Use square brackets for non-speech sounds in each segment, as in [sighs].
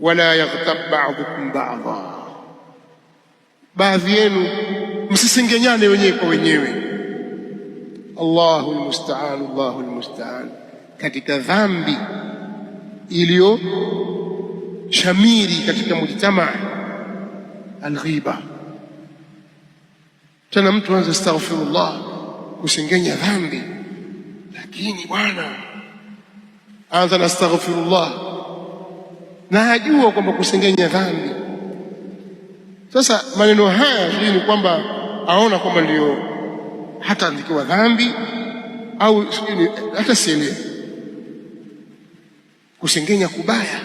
wala yaghtab ba'dukum ba'dha, baadhi yenu msisengenyane wenyewe kwa wenyewe. Allahu almusta'an, Allahu almusta'an. Katika dhambi iliyo shamiri katika mujtamaa alghiba. Tena mtu anaweza astaghfirullah, kusengenya dhambi, lakini bwana anza na astaghfirullah na ajua kwamba kusengenya dhambi. Sasa maneno haya sijui ni kwamba aona kwamba ndio hata andikiwa dhambi au sijui, hata sielewi. Kusengenya kubaya,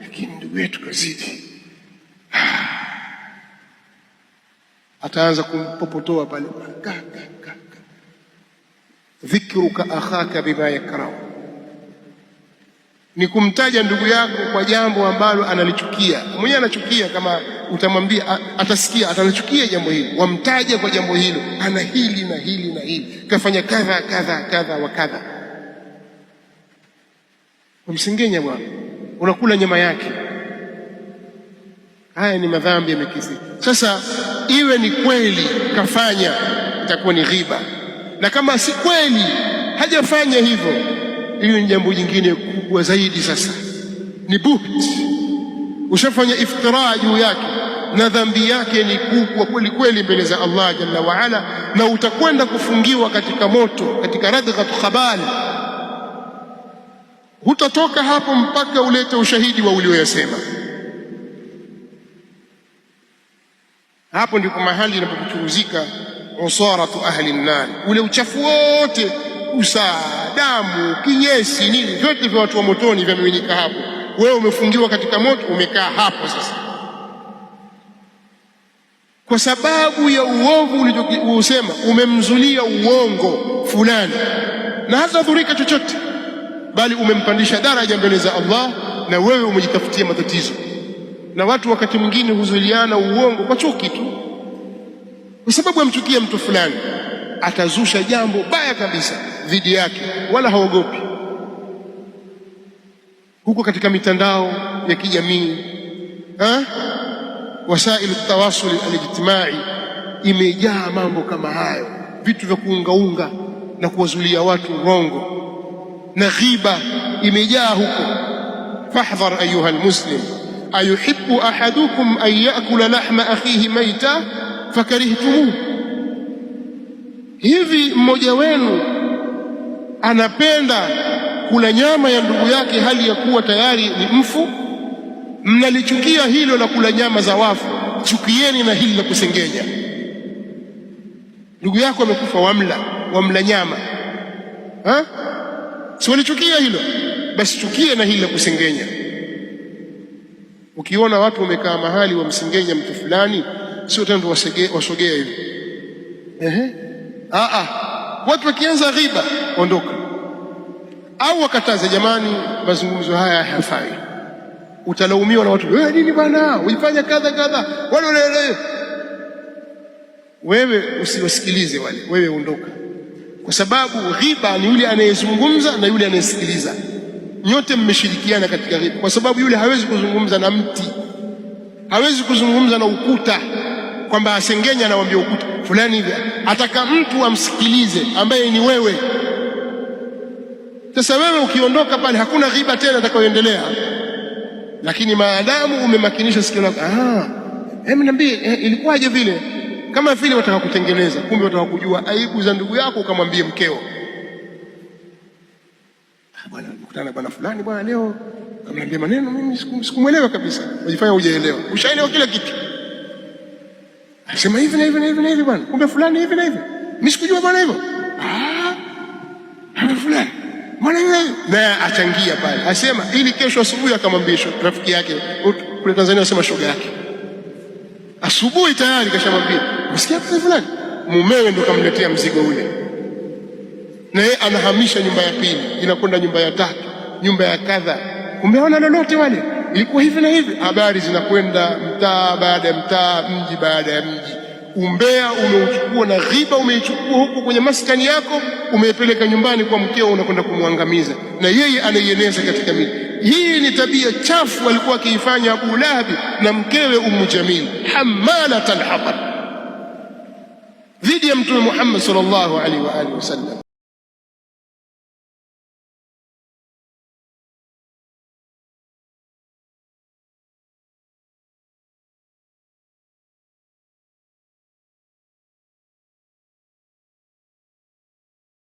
lakini ndugu yetu kazidi [sighs] ataanza kumpopotoa pale, dhikruka akhaka bima yakrahu ni kumtaja ndugu yako kwa jambo ambalo analichukia mwenyewe. Anachukia kama utamwambia, atasikia atalichukia jambo hili, wamtaje kwa jambo hilo, ana hili na hili na hili, kafanya kadha kadha kadha wa kadha. Wamsengenya bwana, unakula nyama yake. Haya ni madhambi yamekisi. Sasa iwe ni kweli kafanya, itakuwa ni ghiba, na kama si kweli hajafanya hivyo hiyo ni jambo jingine kubwa zaidi. Sasa ni buhti, ushafanya iftiraa juu yake, na dhambi yake ni kubwa kweli kweli mbele za Allah jalla waala, na utakwenda kufungiwa katika moto, katika radghatu khabal. Hutatoka hapo mpaka ulete ushahidi wa ulioyasema. Hapo ndipo mahali inapokuchuruzika usaratu ahli nnari, ule uchafu wote usaa damu, kinyesi, nini vyote vya watu wa motoni vyamiminika hapo. Wewe umefungiwa katika moto, umekaa hapo sasa, kwa sababu ya uovu ulichousema. Umemzulia uongo fulani na dhurika chochote, bali umempandisha daraja mbele za Allah, na wewe umejitafutia matatizo. Na watu wakati mwingine huzuliana uongo kwa chuki tu, kwa sababu amchukia mtu fulani atazusha jambo baya kabisa dhidi yake, wala haogopi. Huko katika mitandao ya kijamii wasaili tawasuli alijtimai imejaa mambo kama hayo, vitu vya kuungaunga na kuwazulia watu rongo na ghiba imejaa huko. Fahdhar ayuha almuslim ayuhibu ahadukum an yakula lahma akhihi maita fakarihtumuhu hivi mmoja wenu anapenda kula nyama ya ndugu yake hali ya kuwa tayari ni mfu? Mnalichukia hilo la kula nyama za wafu, chukieni na hili la kusengenya. Ndugu yako amekufa, wamla wamla nyama ha? Si walichukia hilo? Basi chukie na hili la kusengenya. Ukiona watu wamekaa mahali wamsengenya mtu fulani, sio tendo, wasogea hivi ehe Ah, ah, watu wakianza ghiba ondoka, au wakataze, jamani, mazungumzo haya hayafai. Utalaumiwa na watu, wewe eh, nini bwana uifanya kadha kadha, wale wale. Wewe usiwasikilize wale, wewe ondoka, kwa sababu ghiba ni yule anayezungumza na yule anayesikiliza, nyote mmeshirikiana katika ghiba, kwa sababu yule hawezi kuzungumza na mti, hawezi kuzungumza na ukuta kwamba asengenya, anawambia ukuta fulani hivi, ataka mtu amsikilize ambaye ni wewe. Sasa wewe ukiondoka pale, hakuna ghiba tena atakayoendelea. Lakini maadamu umemakinisha sikio lako, hebu niambie eh, ilikuwaje vile, kama vile wataka kutengeneza, kumbe wataka kujua aibu za ndugu yako, ukamwambie mkeo ah, bwana nikutana bwana fulani bwana leo, kamwambia maneno mimi sikumwelewa kabisa. Wajifanya hujaelewa, ushaelewa kila kitu sema hivi na hivi na hivi na hivi bwana, kumbe fulani hivi na hivi, sikujua bwana hivyo ah, fulani na achangia pale, asema ili kesho asubuhi akamwambishwa rafiki yake kule Tanzania, asema shoga yake asubuhi tayari kashamwambia, msikia fulani mumewe ndo kamletea mzigo ule, na yeye anahamisha nyumba ya pili, inakwenda nyumba ya tatu, nyumba ya kadha. Umeona lolote wale ilikuwa hivi na hivi, habari zinakwenda mtaa baada ya mtaa, mji baada ya mji. Umbea umeuchukua na ghiba umeichukua huku kwenye maskani yako, umeipeleka nyumbani kwa mkeo, unakwenda kumwangamiza na yeye anaieneza katika miji. Hii ni tabia chafu alikuwa akiifanya Abu Lahabi na mkewe Ummu Jamil, hamalatan hatab, dhidi ya Mtume Muhammad sallallahu alaihi wa alihi wasallam.